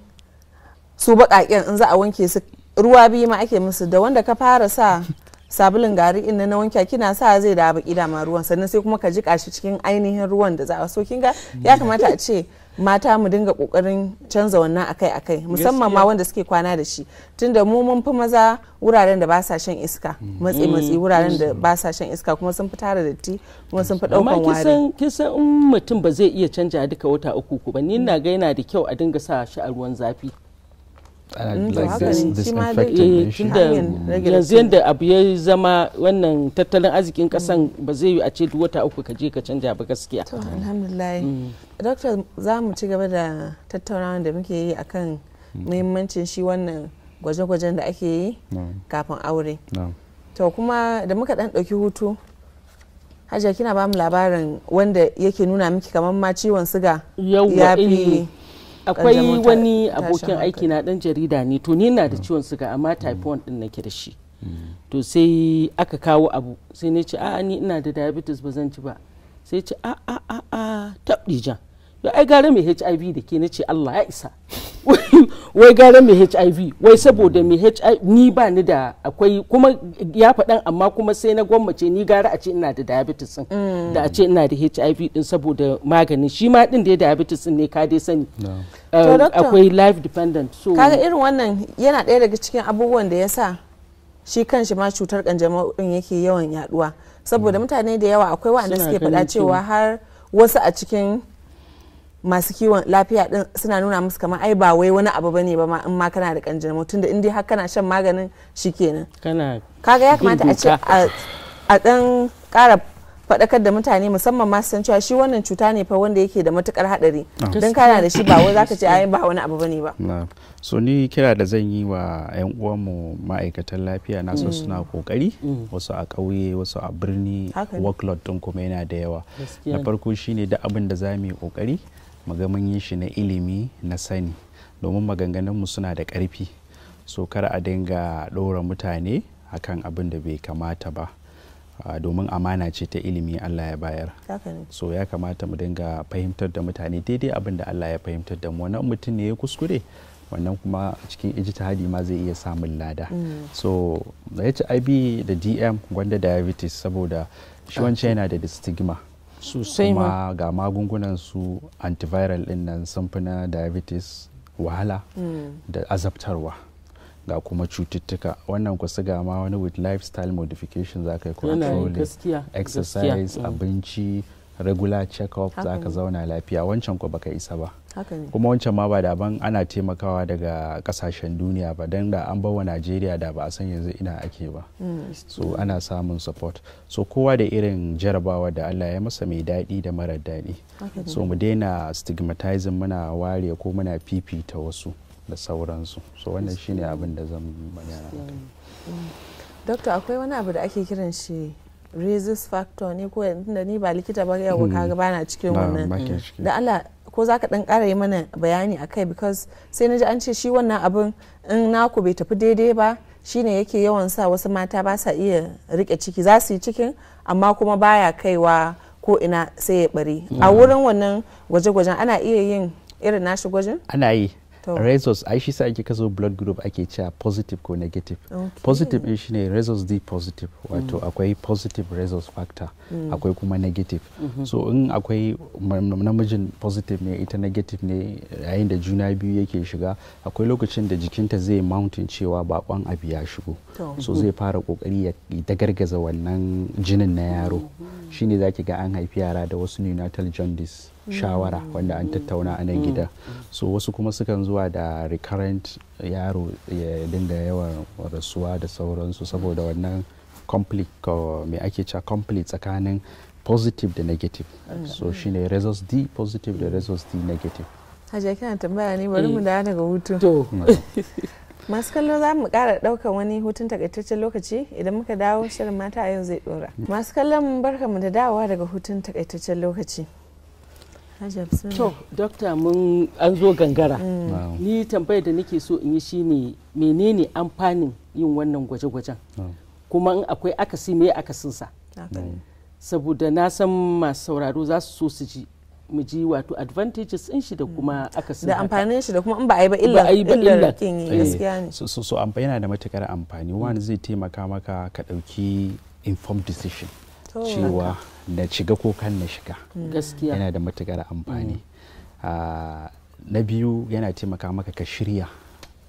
su bakakken in za a wanke su ruwa biyu ma ake musu da wanda ka fara sa sabulin gari in na wanke kina sa zai da baki dama ruwan sannan sai kuma ka jika shi cikin ainihin ruwan da za a so kin ga ya kamata a ce mata mu dinga kokarin canza wannan akai akai musamman ma wanda suke kwana da shi tunda mu mun fi maza wuraren da ba sa shan iska mm. matsi matsi wuraren da mm. ba sa shan iska kuma sun fi tara datti kuma sun fi daukan wari amma kisan in mutum ba zai iya canja duka wata uku ba ni na ga yana da kyau a dinga sa shi a ruwan zafi Mm, eh, yanzu yadda abu ya zama wannan tattalin arzikin mm. kasan ba zai yi a ce wata uku ka je ka canja ba gaskiya to alhamdulillah mm. doctor za mu ci gaba da tattaunawa da muke yi akan muhimmancin shi wannan gwaje-gwajen da ake yi kafin aure to kuma da muka dan ɗauki hutu hajjaki kina ba mu labarin wanda yake nuna miki kamar ma ciwon suga ya fi eh. akwai wani abokin aiki na dan jarida ne to ni na da ciwon suga amma type 1 mm. din nake da shi mm. to sai aka kawo abu sai ne ce a ni ina da diabetes ba zan ci ba sai ce a a a a tabdijan da ai gare mai hiv da ke nace allah ya isa wai gare mai hiv wai saboda mai hiv ni ba ni da akwai kuma ya faɗan amma kuma sai na gwammace ni gara a ce ina da diabetes din mm. da a ce ina da hiv din saboda maganin shi ma din da ya diabetes din ne ka dai sani eh, akwai life dependent so kaga irin wannan yana ɗaya daga cikin abubuwan da ya sa shi kan shi ma cutar kanjamau din yake yawan yaduwa saboda mm. mutane da yawa akwai waɗanda suke faɗa cewa har wasu a cikin masu kiwon lafiya din suna nuna musu kamar ai ba wai wani abu bane ba ma in ma kana da kanjamau tunda in dai har kana shan maganin shikenan kana kaga ya kamata a ce a dan kara faɗakar da mutane musamman ma san cewa shi wannan cuta ne fa wanda yake da matukar hadari ah. don kana da shi ba wai zaka ce ai ba wani abu bane ba so ni kira da zan yi wa 'yan uwan mu ma'aikatan lafiya na san mm. suna kokari mm. wasu a ƙauye wasu a birni workload din kuma yana da yawa na farko shine da abin da za mu yi kokari muga mun yi shi na ilimi na sani domin maganganunmu suna da karfi so kar a dinga ɗora mutane akan abin da bai kamata ba ah, domin amana ce ta ilimi Allah ya bayar so ya kamata mu dinga fahimtar da mutane daidai abin da Allah ya fahimtar da mu wannan mutum ne ya kuskure wannan kuma cikin ijtihadi ma zai iya samun lada mm. so da hiv da dm gwanda diabetes saboda shi wancan yana da stigma sosai ma ga magungunan su antiviral din nan samfuna diabetes wahala mm. da azabtarwa ga kuma cututtuka wannan ku siga ma wani with lifestyle modification za ka yi controlling exercise mm. abinci regular check-up za ka zauna lafiya wancan ko baka isa ba kuma wancan ma ba daban ana taimakawa daga kasashen duniya ba don da an bawa najeriya da ba a san yanzu ina ake ba mm, so mm. ana samun support so kowa da irin jarabawa da allah ya masa mai daɗi da mara daɗi so mu daina stigmatizing muna ware ko muna fifita wasu da sauransu so wannan shine abin da zan magana mm. dokta akwai wani abu da ake kiran shi rhesus factor ne ko da ni ba likita ba yau hmm. ga bana cikin wannan da Allah ko zaka ka dan kara yi mana bayani akai because sai naji an ce shi wannan abin in naku bai tafi daidai ba shine yake yawan sa wasu mata ba sa iya rike ciki za su yi cikin amma kuma baya kaiwa ko ina sai ya bari a hmm. wurin wannan gwaje-gwajen ana iya yin irin nashi gwajin ana yi rhesus ai shi sa ake kaso blood group ake cewa positive ko negative okay. positive din shine rhesus d positive wato mm. akwai positive rhesus factor mm. akwai kuma negative mm-hmm. so in akwai namijin positive ne ita negative ne yayin da juna biyu yake shiga akwai lokacin da jikinta zai mountain cewa bakon abu ya shigo so zai fara kokari ya dagargaza wannan jinin na yaro mm-hmm. shine zaki ga an haifi yara da wasu neonatal jaundice shawara wanda an tattauna a nan gida so wasu kuma sukan zuwa da recurrent yaro ya dinga yawan rasuwa da sauransu saboda wannan conflict me ake cewa conflict tsakanin positive da negative so mm. shine results d positive da results d negative Hajiya kina tambaya ne bari mu eh. dawo daga hutu. To. Masu kallo za mu kara ɗaukar wani hutun takaitaccen lokaci idan muka dawo shirin mata a yau zai ɗora. Mm. Masu kallon mu barka mu da dawowa daga hutun takaitaccen lokaci. to dokta mun an zo gangara eh. ni tambayar da nake so in yi shine menene amfanin yin wannan gwaje-gwajen kuma in akwai akasi me akasinsa saboda na san masu sauraro za su so su ji mu ji wato advantages in shi da hmm. kuma akasin da amfanin shi da kuma in ba a yi ba illa ba illa eh, gaskiya ne so so yana da matukar amfani wani hmm. zai taimaka maka ka dauki informed decision cewa na shiga ko kan na shiga gaskiya yana da matukar amfani ah, na biyu yana taimaka maka ka shirya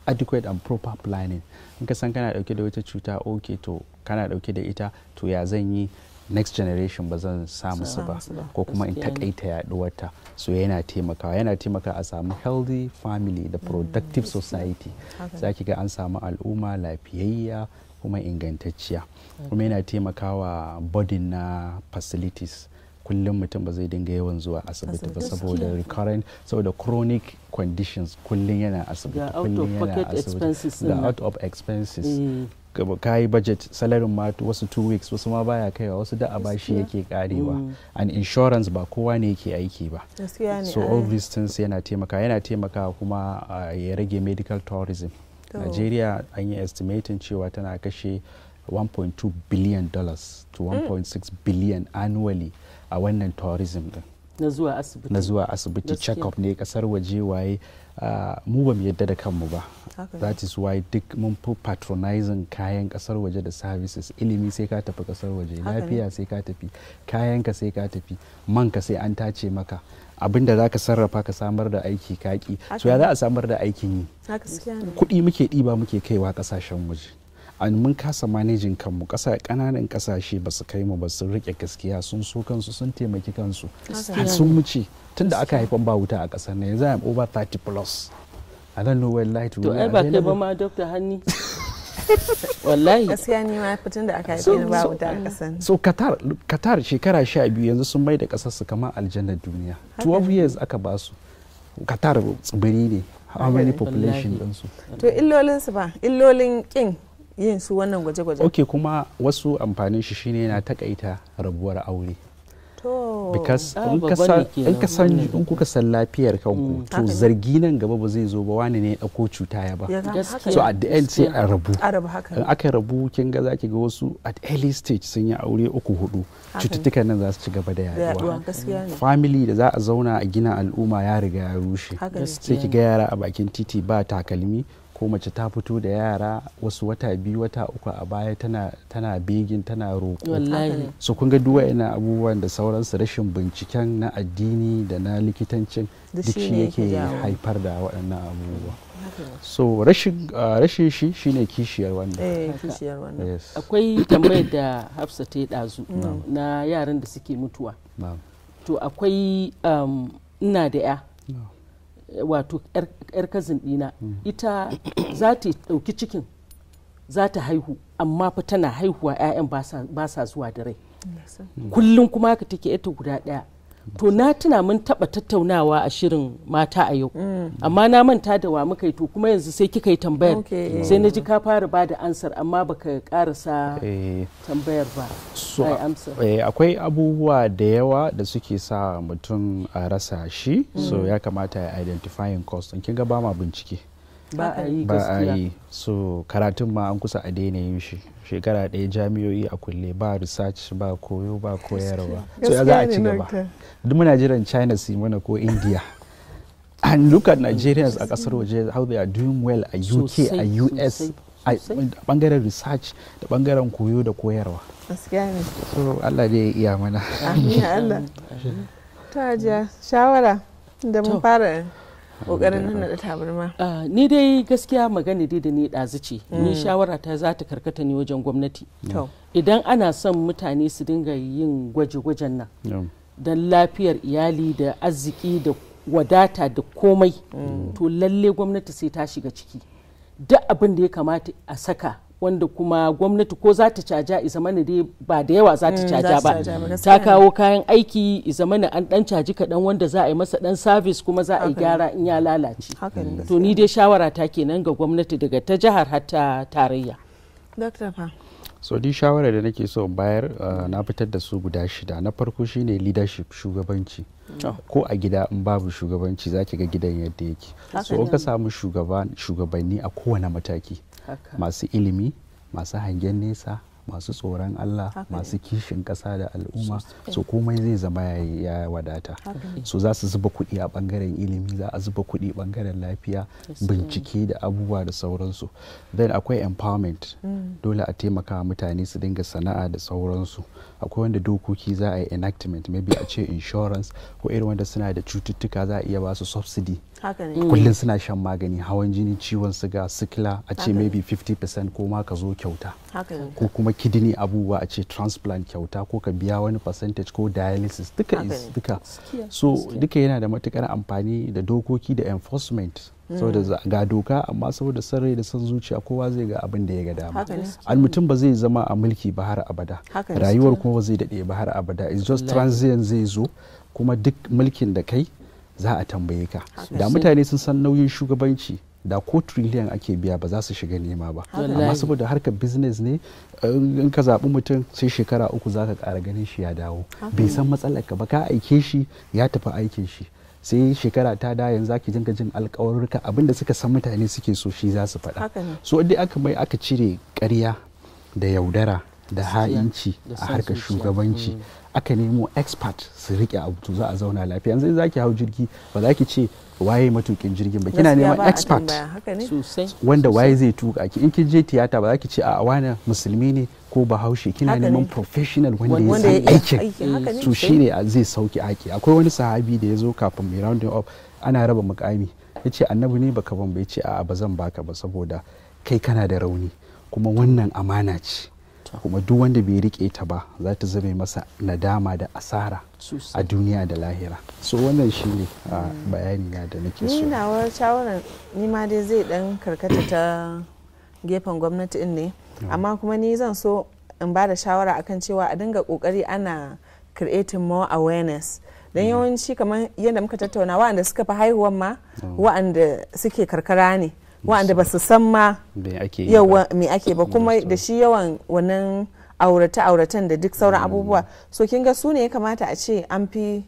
adequate and proper planning in ka san kana dauke da wata cuta ok to kana dauke da ita to ya zan yi next generation ba zan samu su ba ko kuma in takaita yaɗuwata. so yana taimakawa yana taimaka a samu healthy family da productive mm, society za ki ga an samu al'umma lafiyayya kuma ingantacciya kuma yana taimakawa bodin na facilities kullum mutum ba zai dinga yawan zuwa asibiti ba saboda recurrent saboda chronic conditions kullum yana asibiti kullum yana asibiti ga out of expenses mm. ka yi budget salarin ma wasu two weeks wasu ma baya kaiwa wasu da a bashi yake karewa mm. and insurance ba kowa ne yake aiki ba so all eh. these things yana taimaka yana taimaka kuma ah, ya rage medical tourism Nigeria an yi estimatin cewa tana kashe 1.2 billion dollars to 1.6 mm. billion annually a wannan tourism din. na zuwa asibiti check-up ne kasar waje waye mu ba mu yadda da kanmu ba that is why duk mun fi patronizing kayan kasar waje da services ilimi sai ka tafi kasar waje lafiya sai ka tafi kayanka sai ka tafi man ka sai an tace maka abin da za ka sarrafa ka samar da aiki kaki so ya za a samar da aikin yi kuɗi muke ɗiba muke kaiwa ƙasashen waje mun kasa manajin kanmu ƙasa ƙananan ƙasashe ba su kai mu ba sun rike gaskiya sun so kansu sun taimaki kansu sun muci da aka haifan ba wuta a ƙasar na yanzu am over 30 plus i don't know where light will to ai ba kai ba ma doctor hanni wallahi gaskiya ni ma fitin da aka haife ba wuta a ƙasar so qatar qatar shekara 12 yanzu sun mai da ƙasar su kamar aljannar duniya 12 years aka ba su qatar tsibiri ne how many population su to illolinsu ba illolin kin yin su wannan gwaje-gwaje ok kuma wasu amfanin shi shine yana takaita rabuwar aure because in kuka san lafiyar kanku mm, to zargi nan gaba ba zai zo ba wani ne ɗauko cuta ya ba so at the end sai a rabu in aka rabu kin ga zaki ga wasu at early stage sun yi aure uku hudu cututtukan nan za su ci gaba da yaduwa family da za a zauna a gina al'umma ya riga ya rushe sai ki ga yara a bakin titi ba takalmi ko mace ta fito da yara wasu wata biyu wata uku a baya tana tana begin tana roƙo so kun ga duwa ina abubuwan da sauransu rashin binciken na addini da na likitancin duk shi yake haifar da waɗannan abubuwa so rashin shi shine kishiyar wannan eh, akwai tambayar da hafsa ta yi ɗazu na yaran da suke mutuwa to akwai um, ina da ya wato 'yar kazin ɗina ita za ta ɗauki cikin za ta haihu amma fa tana haihuwa 'ya'yan ba sa zuwa da rai kullum kuma haka take ita guda ɗaya to na tuna mun taba tattaunawa a shirin mata a yau amma na manta da wa muka yi to kuma yanzu sai kika yi tambayar sai na ji ka fara ba da ansar amma baka karasa eh. tambayar ba eh, akwai abubuwa da yawa da suke sa mutum a rasa shi so mm. ya kamata ya identifying cost kin ga ba ma bincike ba a yi gaskiya so karatun ma an kusa a daina yin shi shekara ɗaya jami'o'i a kulle ba research ba koyo ba koyarwa so ya za a ci gaba duk muna jiran china su mana ko india and look at nigerians a kasar waje how they are doing well a uk a us a bangaren research da bangaren koyo da koyarwa so allah dai ya iya mana ta shawara da mun fara kokarin da tabarma ah, ni dai gaskiya magana dai da ni ɗazu ce ni mm. shawara ta za ta karkata ne wajen gwamnati mm. idan ana son mutane su dinga yin gwaje-gwajen nan don lafiyar iyali da arziki da wadata da komai mm. to lalle gwamnati sai ta shiga ciki duk abin da ya kamata a saka wanda kuma gwamnati ko za ta caja izamana dai ba da yawa za ta mm, caja ba ta kawo kayan aiki izamani an dan caji kaɗan wanda za a yi masa dan sabis kuma za a yi gyara in ya lalace to ni dai shawara ta kenan ga gwamnati daga ta jihar har ta tarayya so di shawara da nake so bayar uh, na fitar da su guda shida na farko shine leadership shugabanci ko a gida in babu shugabanci zaki ga gidan yadda yake so in ka samu shugabanni a kowane mataki masu ilimi masu hangen nesa masu tsoron Allah masu kishin ƙasa da al'umma su komai zai zama ya wadata su za su zuba kuɗi a ɓangaren ilimi za a zuba kuɗi ɓangaren lafiya bincike da abubuwa da sauransu then akwai empowerment mm. dole a taimaka mutane su dinga sana'a da sauransu akwai wanda dokoki za a yi enactment maybe a ce insurance ko irin wanda suna da cututtuka za a iya ba su subsidy kullum suna shan magani hawan jini ciwon siga sikila a ce maybe 50% ko ma ka zo kyauta ko kuma kidney abubuwa a ce transplant kyauta ko ka biya wani percentage ko dialysis duka duka so duka yana da matukar amfani da dokoki da enforcement mm. saboda ga doka amma saboda sarrai da son zuciya kowa zai ga abin da ya ga dama al mutum ba zai zama a mulki ba har abada rayuwar kuma ba zai daɗe ba har abada it's just transient zai zo kuma duk mulkin da kai za a tambaye ka da mutane sun san nauyin shugabanci da ko triliyan ake biya ba za su shiga nema ba amma saboda harkar business ne in ka zaɓi mutum sai shekara uku za ka ƙara ganin shi ya dawo bai san matsalar ka ba ka aike shi ya tafi aikin shi sai shekara ta da yanzu ake jinka jin alƙawarurka abinda suka san mutane suke so shi za su faɗa so dai aka mai aka cire ƙarya da yaudara da ha'inci a harkar shugabanci mm. aka nemo expert su rike abu za a zauna lafiya yanzu za ki hau jirgi ba za ki ce waye matukin jirgin ba kina neman expert wanda waye zai tuka ki in kin je tiyata ba za ki ce a wani musulmi ne ko bahaushe kina neman professional wanda ya san aikin to shine zai sauki aiki akwai wani sahabi da ya zo kafin mai rounding up ana raba mukami yace ce annabi ne baka ban ba ce a ba zan baka ba saboda kai kana da rauni kuma wannan amana ce kuma duk wanda bai rike ta ba za ta zame masa nadama da asara a duniya da lahira so wannan shi ne bayani na da nake so ni nawa shawarar ni ma dai zai dan karkata ta gefen gwamnati in ne amma kuma ni zan so in ba da shawara akan cewa a dinga kokari ana creating more awareness don mm. yawanci kamar yadda muka tattauna wa'anda suka fi haihuwan ma wa'anda suke karkara ne wanda ba su san ma yawa me ake ba mm, kuma da shi yawan wannan aurata auratan da duk sauran mm. abubuwa so kin ga su ya kamata a ce an fi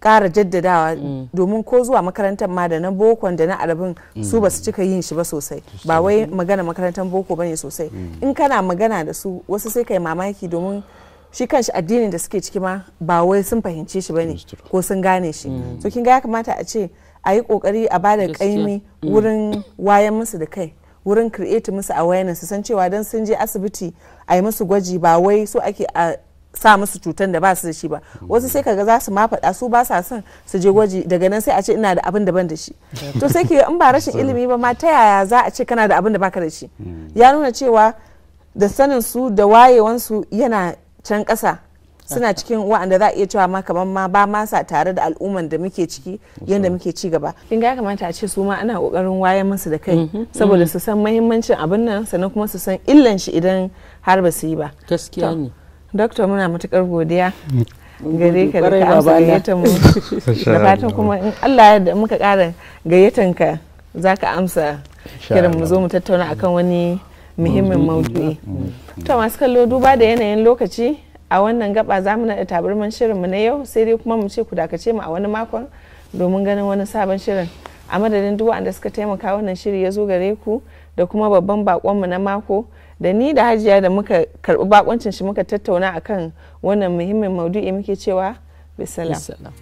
kara jaddadawa mm. domin ko zuwa makarantar ma da na bokon da na arabin su ba su cika yin shi ba sosai ba wai magana makarantar boko bane sosai in kana magana da su wasu sai kai mamaki domin shi kanshi addinin da suke ciki ma ba wai sun fahimce shi bane ko sun gane shi so kin ga ya kamata a ce a yi kokari a bada kaimi mm. wurin wayan musu da kai wurin create musu awareness su san cewa don sun je asibiti a yi musu gwaji ba wai so ake a sa musu cutar da ba su da shi ba wasu sai kaga za su ma su ba sa son su je gwaji daga nan sai a ce ina da abin da da shi to sai ke in ba rashin ilimi ba ma ta yaya za a ce kana da abin da baka da shi mm. ya nuna cewa da sanin su da wayewansu yana can ƙasa suna cikin wa'anda za a iya cewa ma kamar ma ba ma sa tare da al'umman da muke ciki yadda muke ci gaba kin ga kamata a ce su ma ana kokarin wayar musu da kai mm-hmm, mm-hmm. saboda su san muhimmancin abin nan sannan kuma su san illan shi idan har ba su yi ba gaskiya ne doctor muna matukar godiya gare ka da ka amsa gayyatar mu da fatan kuma in Allah ya da muka kara gayyatar ka zaka amsa kiran mu zo mu tattauna akan wani muhimmin maudu'i to masu kallo duba da yanayin lokaci a wannan gaba za mu naɗa tabarman mu na yau sai dai kuma mu ce ku dakace mu a wani makon domin ganin wani sabon shirin a madadin duk wanda suka taimaka wannan shiri ya zo gare ku da kuma babban bakonmu na mako da ni da hajiya da muka karɓi bakoncin shi muka tattauna akan wannan muhimmin maudu'i muke cewa bisalam.